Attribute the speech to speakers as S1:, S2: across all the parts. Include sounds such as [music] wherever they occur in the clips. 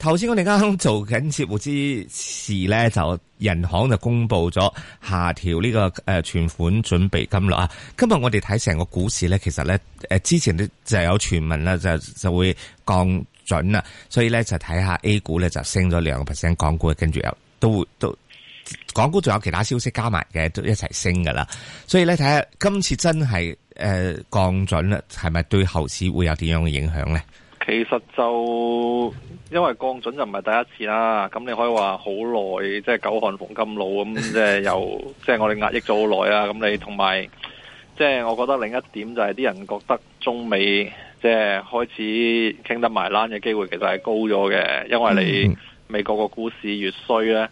S1: 頭先我哋啱啱做緊節目之時咧，就人行就公布咗下調呢個誒存款準備金率啊。今日我哋睇成個股市咧，其實咧誒之前就有傳聞啦，就就會降準啦。所以咧就睇下 A 股咧就升咗兩個 percent，港股跟住又都會都港股仲有其他消息加埋嘅，都一齊升噶啦。所以咧睇下今次真係誒降準啦，係咪對後市會有點樣嘅影響咧？
S2: 其實就因為降準就唔係第一次啦，咁你可以話好耐，即係久旱逢甘露咁，即係又即係我哋壓抑咗好耐啊！咁你同埋，即係我覺得另一點就係啲人覺得中美即係開始傾得埋欄嘅機會，其實係高咗嘅，因為你美國個股市越衰呢，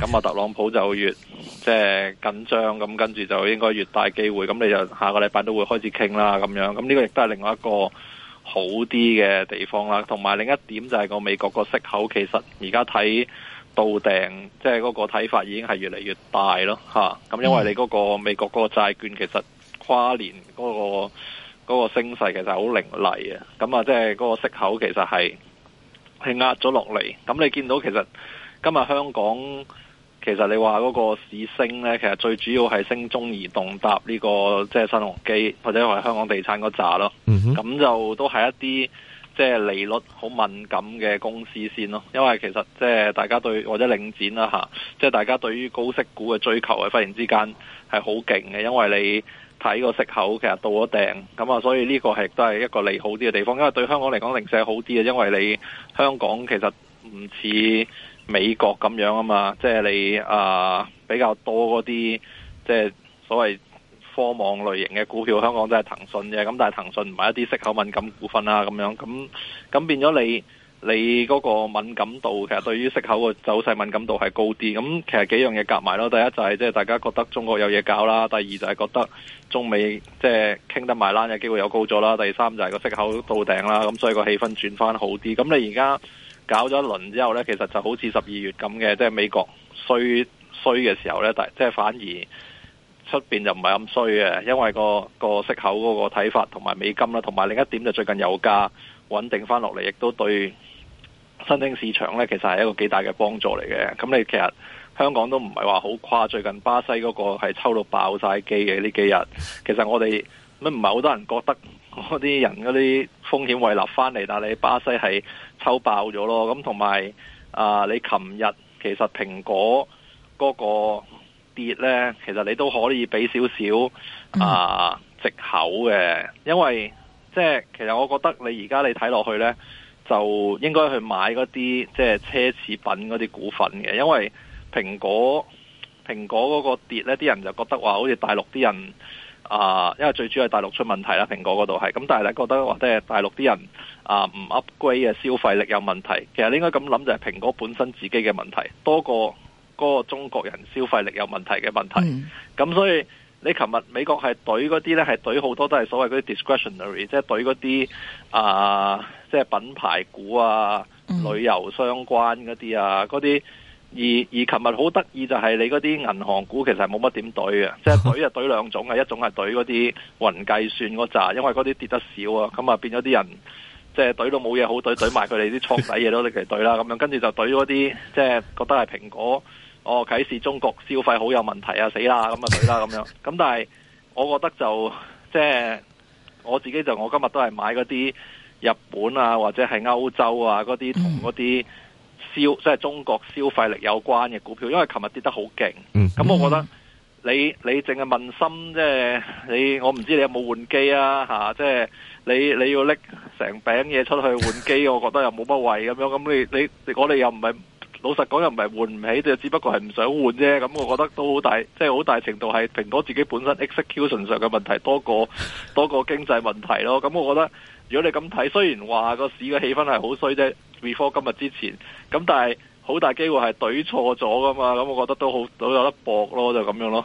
S2: 咁啊特朗普就越即係緊張，咁跟住就應該越大機會，咁你就下個禮拜都會開始傾啦，咁樣，咁呢個亦都係另外一個。好啲嘅地方啦，同埋另一點就係、就是、個，個美國個息口，其實而家睇到訂，即係嗰個睇法已經係越嚟越大咯，吓，咁因為你嗰個美國嗰個債券其實跨年嗰、嗰個嗰、嗰個升勢其實好凌厲啊，咁啊，即係嗰個息口其實係係壓咗落嚟，咁你見到其實今日香港。其實你話嗰個市升呢，其實最主要係升中移動搭呢、這個即係、就是、新鴻基，或者話香港地產嗰扎咯。咁、mm -hmm. 就都係一啲即係利率好敏感嘅公司先咯。因為其實即係大家對或者領展啦吓，即、就、係、是、大家對於高息股嘅追求係忽然之間係好勁嘅。因為你睇個息口，其實到咗頂咁啊，所以呢個係都係一個利好啲嘅地方。因為對香港嚟講，零舍好啲啊，因為你香港其實唔似。美國咁樣啊嘛，即係你啊，呃，比較多嗰啲即係所謂科網類型嘅股票，香港都係騰訊嘅，咁但係騰訊唔係一啲息口敏感股份啦，啊，咁樣咁咁變咗你你嗰個敏感度其實對於息口嘅走勢敏感度係高啲。咁其實幾樣嘢夾埋咯。第一就係即係大家覺得中國有嘢搞啦，第二就係覺得中美即係傾得埋啦，有機會又高咗啦。第三就係個息口到頂啦，咁所以個氣氛轉翻好啲。咁你而家。搞咗一輪之後呢，其實就好似十二月咁嘅，即係美國衰衰嘅時候呢，但即係反而出面就唔係咁衰嘅，因為個個息口嗰個睇法同埋美金啦，同埋另一點就最近油價穩定翻落嚟，亦都對新興市場呢，其實係一個幾大嘅幫助嚟嘅。咁你其實香港都唔係話好誇，最近巴西嗰個係抽到爆曬機嘅呢幾日，其實我哋乜唔係好多人覺得。嗰 [laughs] 啲人嗰啲風險位立翻嚟，但係你巴西係抽爆咗咯。咁同埋啊，你琴日其實蘋果嗰個跌呢，其實你都可以俾少少啊藉口嘅，因為即係、就是、其實我覺得你而家你睇落去呢，就應該去買嗰啲即係奢侈品嗰啲股份嘅，因為蘋果蘋果嗰個跌呢，啲人就覺得話好似大陸啲人。啊，因為最主要係大陸出問題啦，蘋果嗰度係，咁但係你覺得話咧大陸啲人啊唔 upgrade 嘅消費力有問題，其實你應該咁諗就係、是、蘋果本身自己嘅問題多過嗰個中國人消費力有問題嘅問題，咁、嗯、所以你琴日美國係懟嗰啲呢，係懟好多都係所謂嗰啲 discretionary，即係懟嗰啲啊，即、就、係、是、品牌股啊、嗯、旅遊相關嗰啲啊、嗰啲。而而琴日好得意就係你嗰啲銀行股其實冇乜點懟嘅，即係懟就懟、是、兩種嘅，一種係懟嗰啲雲計算嗰扎，因為嗰啲跌得少啊，咁啊變咗啲人即係懟到冇嘢好懟，懟埋佢哋啲倉底嘢咯，你其實懟啦咁樣，跟住就懟嗰啲即係覺得係蘋果哦，啟示中國消費好有問題啊，死啦咁啊懟啦咁樣，咁但係我覺得就即係、就是、我自己就我今日都係買嗰啲日本啊或者係歐洲啊嗰啲同嗰啲。消即係中國消費力有關嘅股票，因為琴日跌得好勁。咁、mm -hmm. 我覺得你你淨係問心有有、啊啊，即係你我唔知你有冇換機啊吓，即係你你要拎成餅嘢出去換機，我覺得又冇乜謂咁樣。咁你你我哋又唔係老實講，又唔係換唔起，就只不過係唔想換啫。咁我覺得都好大，即係好大程度係蘋果自己本身 execution 上嘅問題多過多過經濟問題咯。咁我覺得。如果你咁睇，雖然話個市嘅氣氛係好衰啫，before 今日之前，咁但係好大機會係賭錯咗噶嘛，咁我覺得都好都有得搏咯，就咁樣咯。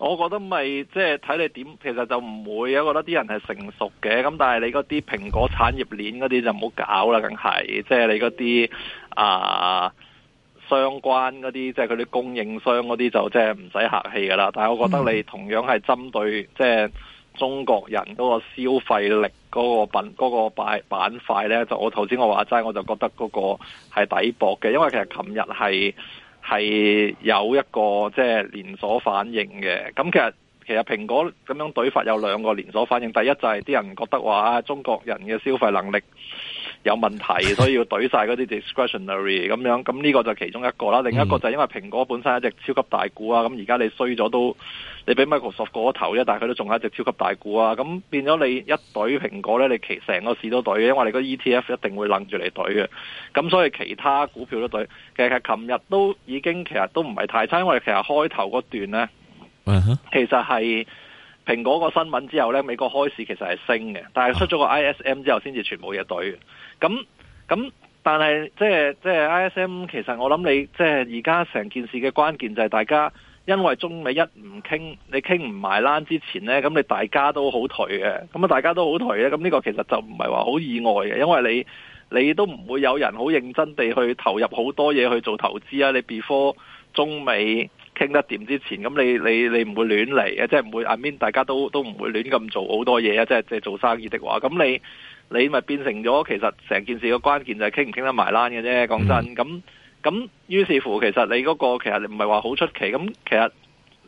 S2: 我覺得咪即係睇你點，其實就唔會，我覺得啲人係成熟嘅，咁但係你嗰啲蘋果產業鏈嗰啲就唔好搞啦，梗係即係你嗰啲啊相關嗰啲，即係佢啲供應商嗰啲就即係唔使客氣㗎啦。但係我覺得你同樣係針對即係、就是、中國人嗰個消費力嗰個品嗰、嗰個板塊呢。就我頭先我話齋，我就覺得嗰個係抵搏嘅，因為其實琴日係。係有一個即係連鎖反應嘅，咁其實，其實蘋果咁樣懟法有兩個連鎖反應。第一就係啲人覺得話中國人嘅消費能力。 [laughs] 有問題，所以要懟晒嗰啲 discretionary 咁樣，咁呢個就其中一個啦。另一個就因為蘋果本身係一隻超級大股啊，咁而家你衰咗都，你俾 Michael 索過頭啫，但係佢都仲係一隻超級大股啊。咁變咗你一懟蘋果呢，你其成個市都懟嘅，因為你個 ETF 一定會楞住嚟懟嘅。咁所以其他股票都懟，其實琴日都已經其實都唔係太差，因為其實開頭嗰段呢， [laughs] 其實係。蘋果個新聞之後呢，美國開市其實係升嘅，但係出咗個 ISM 之後先至全部嘢退嘅。咁咁，但係即係即係 ISM，其實我諗你即係而家成件事嘅關鍵就係大家因為中美一唔傾，你傾唔埋啦之前呢，咁你大家都好頹嘅，咁啊大家都好頹嘅，咁呢個其實就唔係話好意外嘅，因為你你都唔會有人好認真地去投入好多嘢去做投資啊。你 before 中美。傾得掂之前，咁你你你唔會亂嚟啊，即係唔會 I mean 大家都都唔會亂咁做好多嘢啊，即係即係做生意的話，咁你你咪變成咗，其實成件事嘅關鍵就係傾唔傾得埋欄嘅啫。講真，咁咁於是乎，其實你嗰個其實唔係話好出奇，咁其實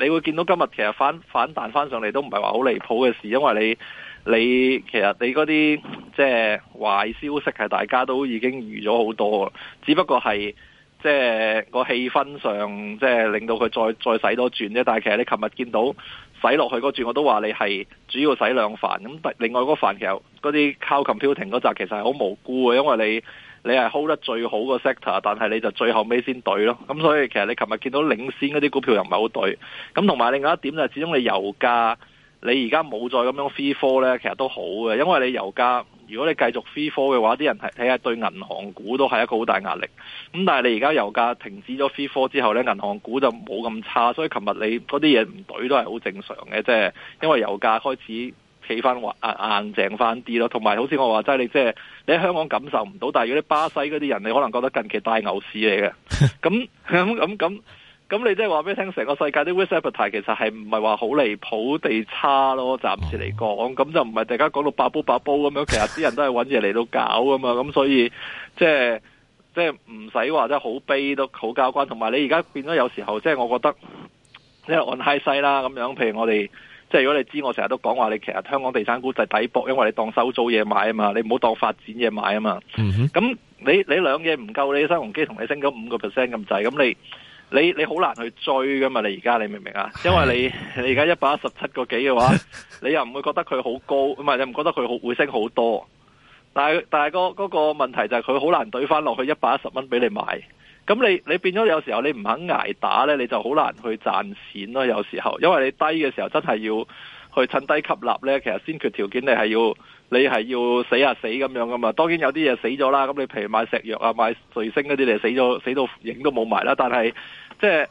S2: 你會見到今日其實反反彈翻上嚟都唔係話好離譜嘅事，因為你你其實你嗰啲即係壞消息係大家都已經預咗好多，只不過係。即係個氣氛上，即係令到佢再再使多轉啫。但係其實你琴日見到使落去嗰轉，我都話你係主要使兩份。咁另外嗰份其實嗰啲靠 computing 嗰扎，其實係好無辜嘅，因為你你係 hold 得最好個 sector，但係你就最後尾先對咯。咁所以其實你琴日見到領先嗰啲股票又唔係好對。咁同埋另外一點就係，始終你油價你而家冇再咁樣 free fall 其實都好嘅，因為你油價。如果你繼續 freefall 嘅話，啲人睇睇下對銀行股都係一個好大壓力。咁但係你而家油價停止咗 freefall 之後呢，銀行股就冇咁差，所以琴日你嗰啲嘢唔對都係好正常嘅，即係因為油價開始起翻硬硬淨翻啲咯。同埋好似我話齋係，你即係你喺香港感受唔到，但係如果你巴西嗰啲人，你可能覺得近期大牛市嚟嘅。咁咁咁咁。咁 [noise] 你即係話俾你聽，成個世界啲 risk appetite 其實係唔係話好離譜地差咯，暫時嚟講，咁就唔係大家講到八煲八煲咁樣。其實啲人都係揾嘢嚟到搞噶嘛，咁所以即係即係唔使話得好悲都好交關。同埋你而家變咗有時候，即係我覺得因為我太細啦咁樣。譬如我哋即係如果你知我成日都講話，你其實香港地產股就係抵博，因為你當收租嘢買啊嘛，你唔好當發展嘢買啊嘛。咁、嗯、你你兩嘢唔夠，你新鴻基同你升咗五個 percent 咁滯，咁你。你你好難去追噶嘛？你而家你明唔明啊？因為你你而家一百一十七個幾嘅話，你又唔會覺得佢好高，唔 [laughs] 係你唔覺得佢好會升好多？但係但係個嗰個問題就係佢好難對翻落去一百一十蚊俾你買。咁你你變咗有時候你唔肯挨打呢，你就好難去賺錢咯、啊。有時候因為你低嘅時候真係要。去趁低吸納呢，其實先決條件，你係要你係要死呀死咁樣噶嘛。當然有啲嘢死咗啦，咁你譬如買石藥啊、買瑞星嗰啲你死咗，死到影都冇埋啦。但係即係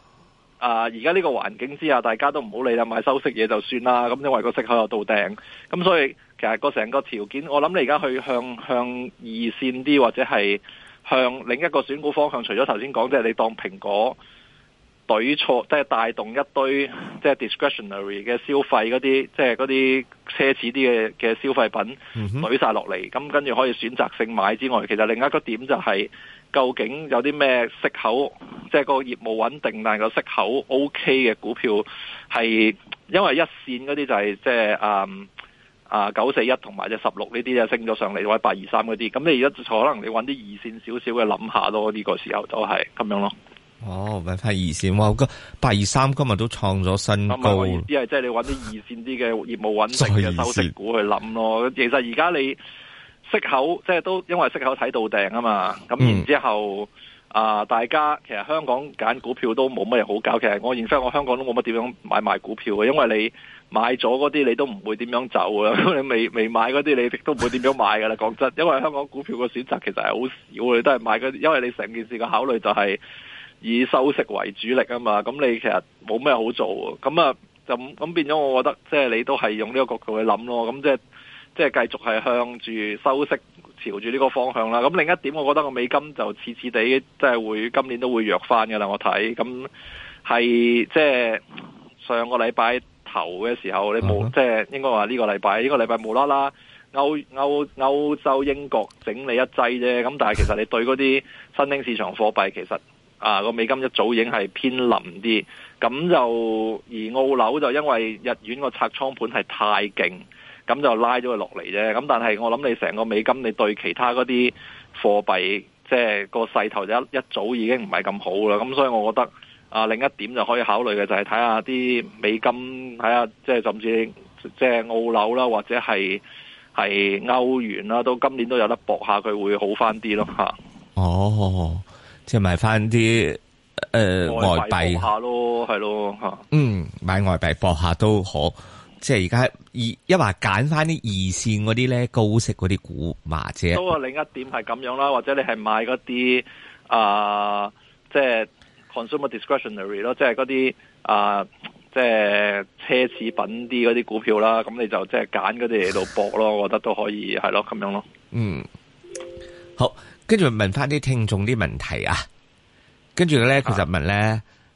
S2: 而家呢個環境之下，大家都唔好理啦，買收息嘢就算啦。咁因為個息口又到定，咁所以其實個成個條件，我諗你而家去向向二線啲，或者係向另一個選股方向，除咗頭先講，即係你當蘋果。舉錯即係帶動一堆即係 discretionary 嘅消費嗰啲，即係嗰啲奢侈啲嘅嘅消費品舉晒落嚟，咁跟住可以選擇性買之外，其實另一個點就係、是、究竟有啲咩息口，即、就、係、是、個業務穩定但係個息口 OK 嘅股票是，係因為一線嗰啲就係即係嗯啊九四一同埋隻十六呢啲啊升咗上嚟或者八二三嗰啲，咁你而家就可能你揾啲二線少少嘅諗下咯，呢、這個時候都係咁樣咯。
S1: 哦，搵翻二線哇！個八二三今日都創咗新高，啲
S2: 係即係你搵啲二線啲嘅業務穩定嘅收息股去諗咯。其實而家你息口即係都因為息口睇到訂啊嘛。咁然之後、嗯、啊，大家其實香港揀股票都冇乜嘢好搞。其實我認識我香港都冇乜點樣買賣股票嘅，因為你買咗嗰啲你都唔會點樣走啊。你未未買嗰啲你亦都唔會點樣買噶啦。講真，因為香港股票嘅選擇其實係好少，你都係買因為你成件事嘅考慮就係、是。以收息為主力啊嘛，咁你其實冇咩好做喎，咁啊就咁咁變咗，我覺得即係你都係用呢個角度去諗咯，咁即係即係繼續係向住收息朝住呢個方向啦。咁另一點，我覺得個美金就次次地即係會今年都會弱翻嘅啦。我睇咁係即係上個禮拜頭嘅時候，你冇即係應該話呢個禮拜，呢個禮拜冇啦啦歐歐歐，歐洲英國整你一劑啫。咁但係其實你對嗰啲新興市場貨幣其實。啊，那個美金一早已經係偏冧啲，咁就而澳紐就因為日元個拆倉盤係太勁，咁就拉咗佢落嚟啫。咁但係我諗你成個美金，你對其他嗰啲貨幣，即係個勢頭就一一早已經唔係咁好啦。咁所以我覺得啊，另一點就可以考慮嘅就係睇下啲美金，睇下即係甚至即係澳紐啦，或者係係歐元啦，都今年都有得搏下佢會好翻啲咯吓。哦。
S1: 即係買翻啲誒外幣博下
S2: 咯，係咯吓。
S1: 嗯，買外幣博一下都可。即係而家二一話揀翻啲二線嗰啲咧，高息嗰啲股麻者。不過
S2: 另一點係咁樣啦，或者你係買嗰啲啊，即係 consumer discretionary 咯、呃，即係嗰啲啊，即係奢侈品啲嗰啲股票啦。咁你就即係揀嗰啲嚟到博咯， [laughs] 我覺得都可以係咯，咁樣咯。嗯。
S1: 好，跟住問翻啲聽眾啲問題啊，跟住咧佢就問咧。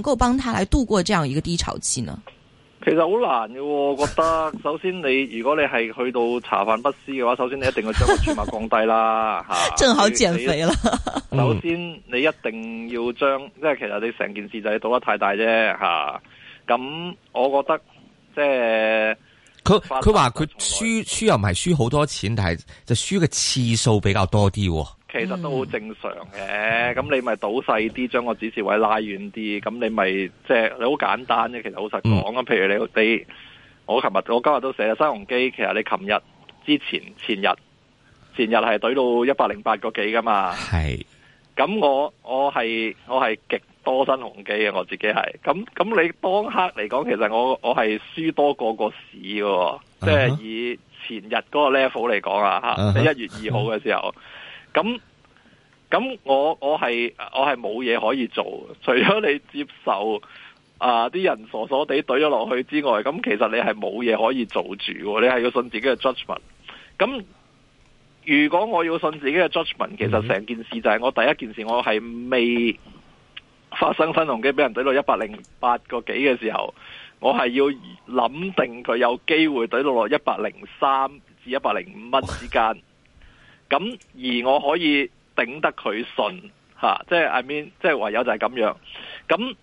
S3: 能夠幫他來度過這樣一個低潮期呢？
S2: 其實好難嘅，我覺得首先你如果你係去到茶飯不思嘅話，首先你一定要將籌碼降低啦，吓。 [laughs] 正好減肥啦。 [laughs] 首先你一定要將，即係其實你成件事就係賭得太大啫，吓。咁我覺得即係佢
S1: 佢話佢輸輸，輸又唔係輸好多錢，但係就輸嘅次數比較多啲。
S2: 其實都好正常嘅，咁你咪倒細啲，將個指示位拉遠啲，咁你咪即係你好簡單嘅。其實老實講，咁、嗯、譬如你你我琴日我今日都寫新鴻基，其實你琴日之前前日前日係懟到一百零八個幾噶嘛。係，咁我我係我係極多新鴻基嘅，我自己係。咁咁你當刻嚟講，其實我我係輸多過個市嘅，即、uh、係 -huh. 以前日嗰個 level 嚟講啊吓，uh -huh. 你一月二號嘅時候。Uh -huh. 咁咁，我我係我係冇嘢可以做，除咗你接受啊啲、呃、人傻傻哋懟咗落去之外，咁其實你係冇嘢可以做住，你係要信自己嘅 judgment。咁如果我要信自己嘅 judgment，其實成件事就係我第一件事，我係未發生新鴻基俾人懟到一百零八個幾嘅時候，我係要諗定佢有機會懟到落一百零三至一百零五蚊之間。咁而我可以頂得佢順，啊、即係 I mean，即係唯有就係咁樣。咁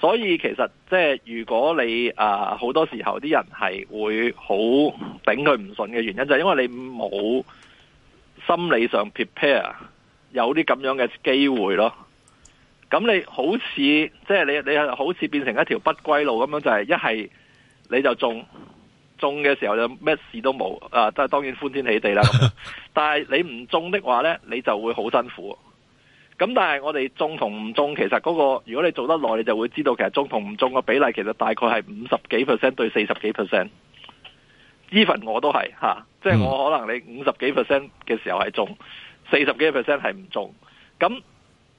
S2: 所以其實即係如果你啊，好多時候啲人係會好頂佢唔順嘅原因就係因為你冇心理上 prepare 有啲咁樣嘅機會咯。咁你好似即係你你好似變成一條不歸路咁樣，就係一係你就中。中嘅時候就咩事都冇，啊，即係當然歡天喜地啦。但係你唔中的話呢，你就會好辛苦。咁但係我哋中同唔中，其實嗰、嗰個如果你做得耐，你就會知道，其實中同唔中嘅比例，其實大概係五十幾 percent 對四十幾 percent。依份我都係吓，即、啊、係、就是、我可能你五十幾 percent 嘅時候係中，四十幾 percent 係唔中。咁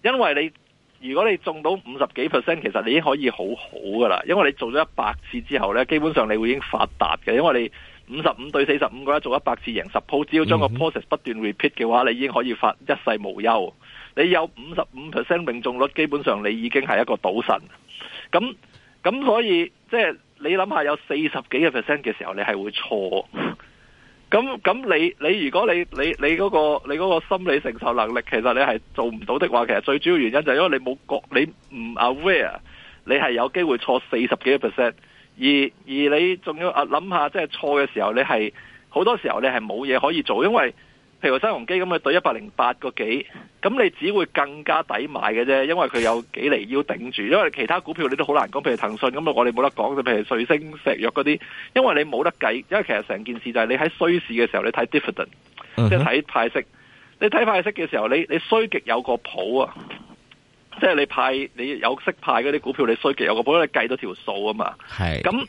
S2: 因為你。如果你中到五十幾 percent，其實你已經可以好好噶啦，因為你做咗一百次之後呢，基本上你會已經發達嘅，因為你五十五對四十五個一做一百次贏十鋪，只要將個 process 不斷 repeat 嘅話，你已經可以發一世無憂。你有五十五 percent 命中率，基本上你已經係一個賭神。咁咁所以即係你諗下，有四十幾個 percent 嘅時候，你係會錯。 [laughs] 咁咁你你如果你你你嗰個你嗰個心理承受能力，其實你係做唔到的話，其實最主要原因就係因為你冇覺，你唔 aware，你係有機會錯四十幾個 percent，而而你仲要啊諗下，即係錯嘅時候，你係好多時候你係冇嘢可以做，因為。譬如話新鴻基咁嘅對一百零八個幾，咁你只會更加抵買嘅啫，因為佢有幾厘要頂住。因為其他股票你都好難講，譬如騰訊咁，我哋冇得講。譬如瑞星、石藥嗰啲，因為你冇得計。因為其實成件事就係你喺衰市嘅時候，你睇 dividend，uh-huh. 即係睇派息。你睇派息嘅時候，你你衰極有個譜啊，即係你派你有息派嗰啲股票，你衰極有個譜，你計到條數啊嘛。係咁。uh-huh.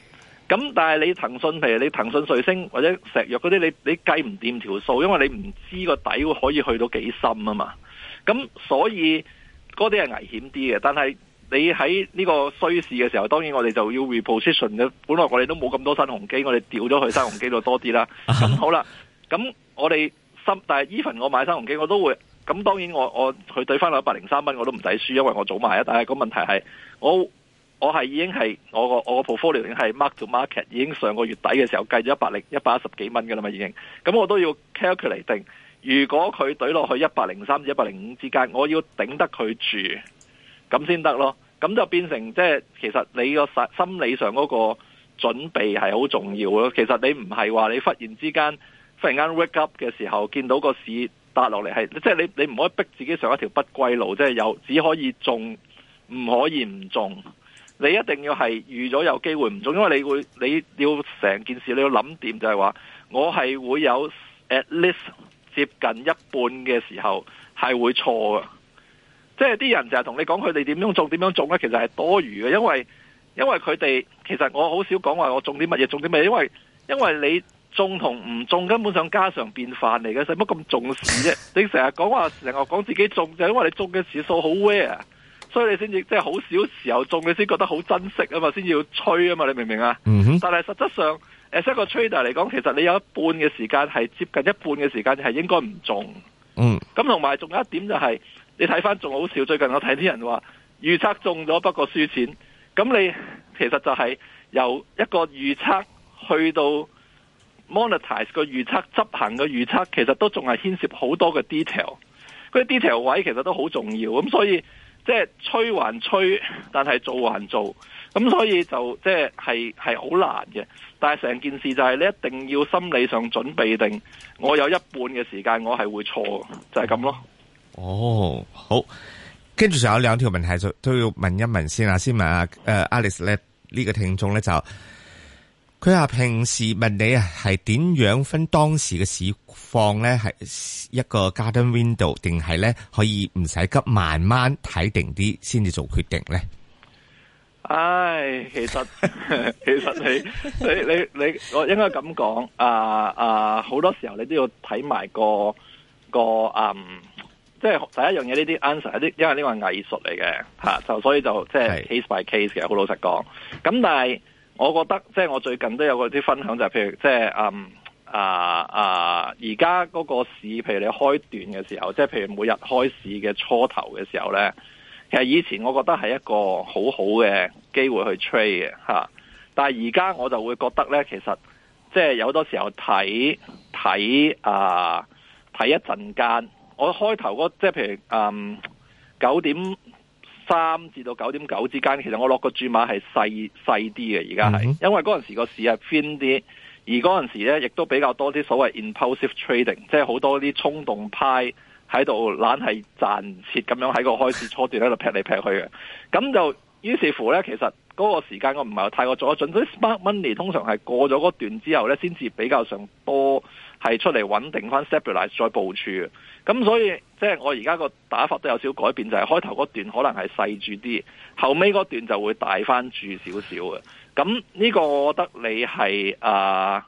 S2: 咁但係你騰訊，譬如你騰訊、瑞聲或者石藥嗰啲，你你計唔掂條數，因為你唔知個底會可以去到幾深啊嘛。咁所以嗰啲係危險啲嘅。但係你喺呢個衰市嘅時候，當然我哋就要 reposition 嘅。本來我哋都冇咁多新鴻基，我哋掉咗去新鴻基度多啲啦。咁 [laughs] 好啦，咁我哋深，但係 even 我買新鴻基，我都會咁。當然我我去對翻落一百零三蚊，我都唔使輸，因為我早買啊。但係個問題係我。我係已經係我個我個 portfolio 係 mark to market 已經上個月底嘅時候計咗一百零一百一十幾蚊㗎啦嘛已經，咁我都要 calculate 定，如果佢懟落去一百零三至一百零五之間，我要頂得佢住，咁先得咯。咁就變成即係其實你個心理上嗰個準備係好重要咯。其實你唔係話你忽然之間忽然間 wake up 嘅時候見到個市跌落嚟係，即係你你唔可以逼自己上一條不歸路，即係有只可以中，唔可以唔中。你一定要係預咗有機會唔中，因為你會你要成件事你要諗掂，就是，就係話我係會有 at least 接近一半嘅時候係會錯嘅。即係啲人成日同你講佢哋點樣種點樣種呢？其實係多餘嘅，因為因為佢哋其實我好少講話我種啲乜嘢種啲乜嘢，因為因為你種同唔種根本上家常便飯嚟嘅，使乜咁重視啫？你成日講話成日講自己種，就因為你種嘅次數好 rare。所以你先至即係好少時候中，你先覺得好珍惜啊嘛，先至要吹啊嘛，你明唔明啊？Mm-hmm. 但係實質上，誒，一個 trader 嚟講，其實你有一半嘅時間係接近一半嘅時間係應該唔中。嗯。咁同埋仲有一點就係，你睇翻仲好笑。最近我睇啲人話預測中咗，不過輸錢。咁你其實就係由一個預測去到 monetize 個預測執行嘅預測，其實都仲係牽涉好多嘅 detail。嗰啲 detail 位其實都好重要。咁所以。即係吹還吹，但係做還做，咁所以就即係係係好難嘅。但係成件事就係你一定要心理上準備定，我有一半嘅時間我係會錯，就係、是、咁咯。
S1: 哦，好。跟住仲有兩條問題就都要問一問先啊。先問下誒、呃、Alice 咧呢、這個聽眾咧就。佢話平時問你啊，係點樣分當時嘅市況咧？係一個 garden window，定係咧可以唔使急，慢慢睇定啲先至做決定咧？
S2: 唉，其實其實你 [laughs] 你你你，我應該咁講啊啊！好多時候你都要睇埋個個嗯，即係第一樣嘢呢啲 answer，啲因為呢個係藝術嚟嘅吓，就所以就即係 case by case 嘅，好老實講。咁但係。我覺得即係、就是、我最近都有嗰啲分享，就係、是、譬如即係嗯啊啊，而家嗰個市，譬如你開段嘅時候，即係譬如每日開市嘅初頭嘅時候咧，其實以前我覺得係一個好好嘅機會去 trade 嘅吓，但係而家我就會覺得咧，其實即係有好多時候睇睇啊睇一陣間，我開頭嗰即係譬如嗯九點。三至到九點九之間，其實我落個注碼係細細啲嘅。而家係因為嗰陣時個市係偏啲，而嗰陣時咧亦都比較多啲所謂 impulsive trading，即係好多啲衝動派喺度懶係暫切咁樣喺個開市、初段喺度劈嚟劈去嘅。咁就於是乎咧，其實嗰個時間我唔係話太過早，進所啲 spark money 通常係過咗嗰段之後咧，先至比較上多。係出嚟穩定翻 stabilize，再部署。咁所以即係我而家個打法都有少改變，就係、是、開頭嗰段可能係細住啲，後尾嗰段就會大翻住少少嘅。咁呢個我覺得你係啊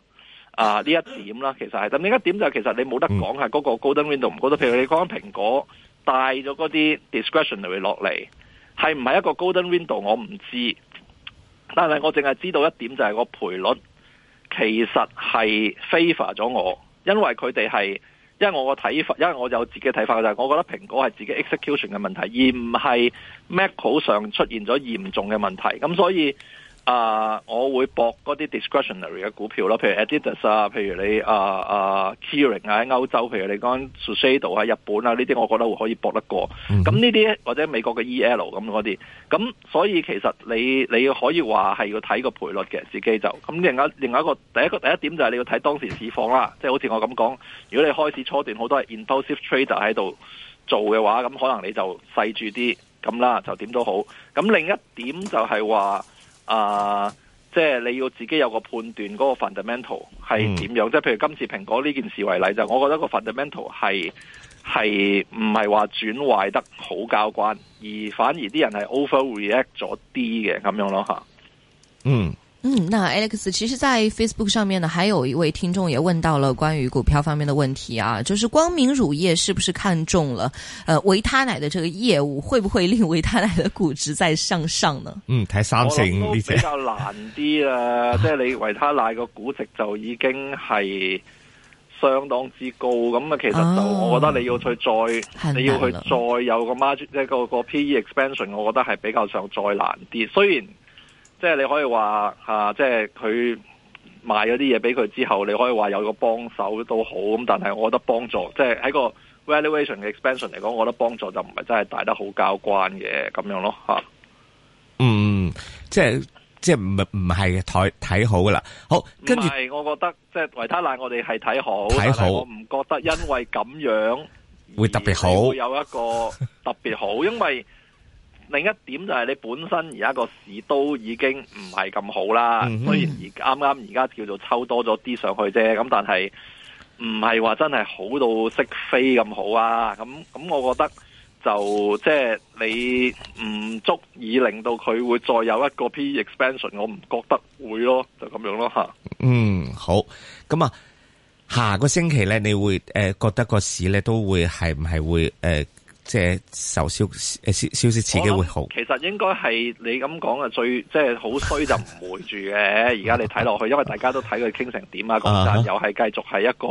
S2: 啊呢一點啦，其實係。咁另一點就係、是、其實你冇得講係嗰個 golden window 唔高。譬如你講緊蘋果帶咗嗰啲 discretion 嚟落嚟，係唔係一個 golden window？我唔知。但係我淨係知道一點就係個賠率其實係 favor 咗我。因為佢哋係，因為我個睇法，因為我有自己嘅睇法，就係我覺得蘋果係自己 execution 嘅問題，而唔係 Mac 上出現咗嚴重嘅問題。咁所以。啊、uh, 我會博嗰啲 discretionary 嘅股票咯，譬如 Adidas 啊，譬如你啊啊、uh, uh, Kering 啊，喺歐洲，譬如你講 Shiseido 喺、啊、日本啊，呢啲我覺得會可以博得過。咁呢啲或者美國嘅 E.L. 咁嗰啲，咁所以其實你你可以話係要睇個賠率嘅自己就咁。另外另外一個第一個第一點就係你要睇當時市況啦，即、就、係、是、好似我咁講，如果你開始初段好多係 impulsive trader 喺度做嘅話，咁可能你就細住啲咁啦，就點都好。咁另一點就係話。啊、uh,，即係你要自己有個判斷，嗰、那個 fundamental 係點樣？即、嗯、係譬如今次蘋果呢件事為例，就我覺得個 fundamental 係係唔係話轉壞得好交關，而反而啲人係 over react 咗啲嘅咁樣咯吓。嗯。嗯，
S3: 那 Alex，其實在 Facebook 上面呢，還有一位聽眾也問到了關於股票方面的問題啊，就是光明乳業是不是看中了，呃、維他奶的這個業務，會不會令維他、嗯、 [laughs] 他奶的估值再向上呢？嗯，
S1: 睇三成呢比較
S2: 難啲啦，即係你維他奶個估值就已經係相當之高，咁啊其實就我覺得你要去再、啊、你要去再有個 margin 即係個個 PE expansion，我覺得係比較上再難啲，雖然。即係你可以話吓、啊，即係佢賣咗啲嘢俾佢之後，你可以話有個幫手都好咁。但係我覺得幫助，即係喺個 valuation 嘅 expansion 嚟講，我覺得幫助就唔係真係大得好交關嘅咁樣咯吓。嗯，
S1: 即係即係唔唔係睇睇好噶啦。好，
S2: 跟住我覺得即係維他奶，我哋係睇好，睇好。但我唔覺得因為咁樣
S1: 會特別好，有
S2: 一個特別好，因為。另一點就係你本身而家個市都已經唔係咁好啦、嗯，雖然而啱啱而家叫做抽多咗啲上去啫，咁但係唔係話真係好到識飛咁好啊？咁咁，咁我覺得就即係、就係、你唔足以令到佢會再有一個 PE expansion，我唔覺得會咯，就咁樣咯嚇。嗯，
S1: 好。咁啊，下個星期咧，你會誒、呃、覺得個市咧都會係唔係會誒？呃即係受消消息刺激會好，其
S2: 實應該係你咁講啊，最即係好衰就唔、是、會住嘅。而 [laughs] 家你睇落去，因為大家都睇佢傾成點啊，講真，又係繼續係一個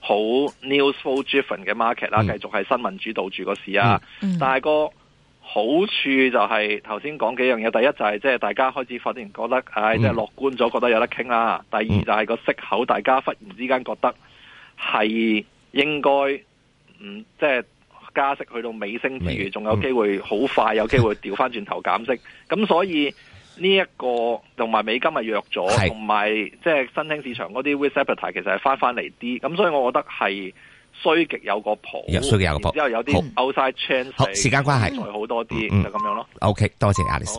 S2: 好 newsful driven 嘅 market 啦、嗯，繼續係新聞主導住個市啊。但係個好處就係頭先講幾樣嘢，第一就係即係大家開始發展覺得，唉、嗯，即係樂觀咗，覺得有得傾啦。第二就係個息口、嗯，大家忽然之間覺得係應該，嗯，即係。加息去到尾聲之餘仲有機會好快、嗯、有機會調翻轉頭減息，咁、嗯、所以呢、這、一個同埋美金係弱咗，同埋即係新興市場嗰啲 receptivity 其實係翻翻嚟啲，咁所以我覺得係衰極有個譜，衰、嗯、極有個譜，之後有啲 outside chance，、嗯、時間關係，係，好多啲就咁樣咯、嗯
S1: 嗯。OK，多謝 Alex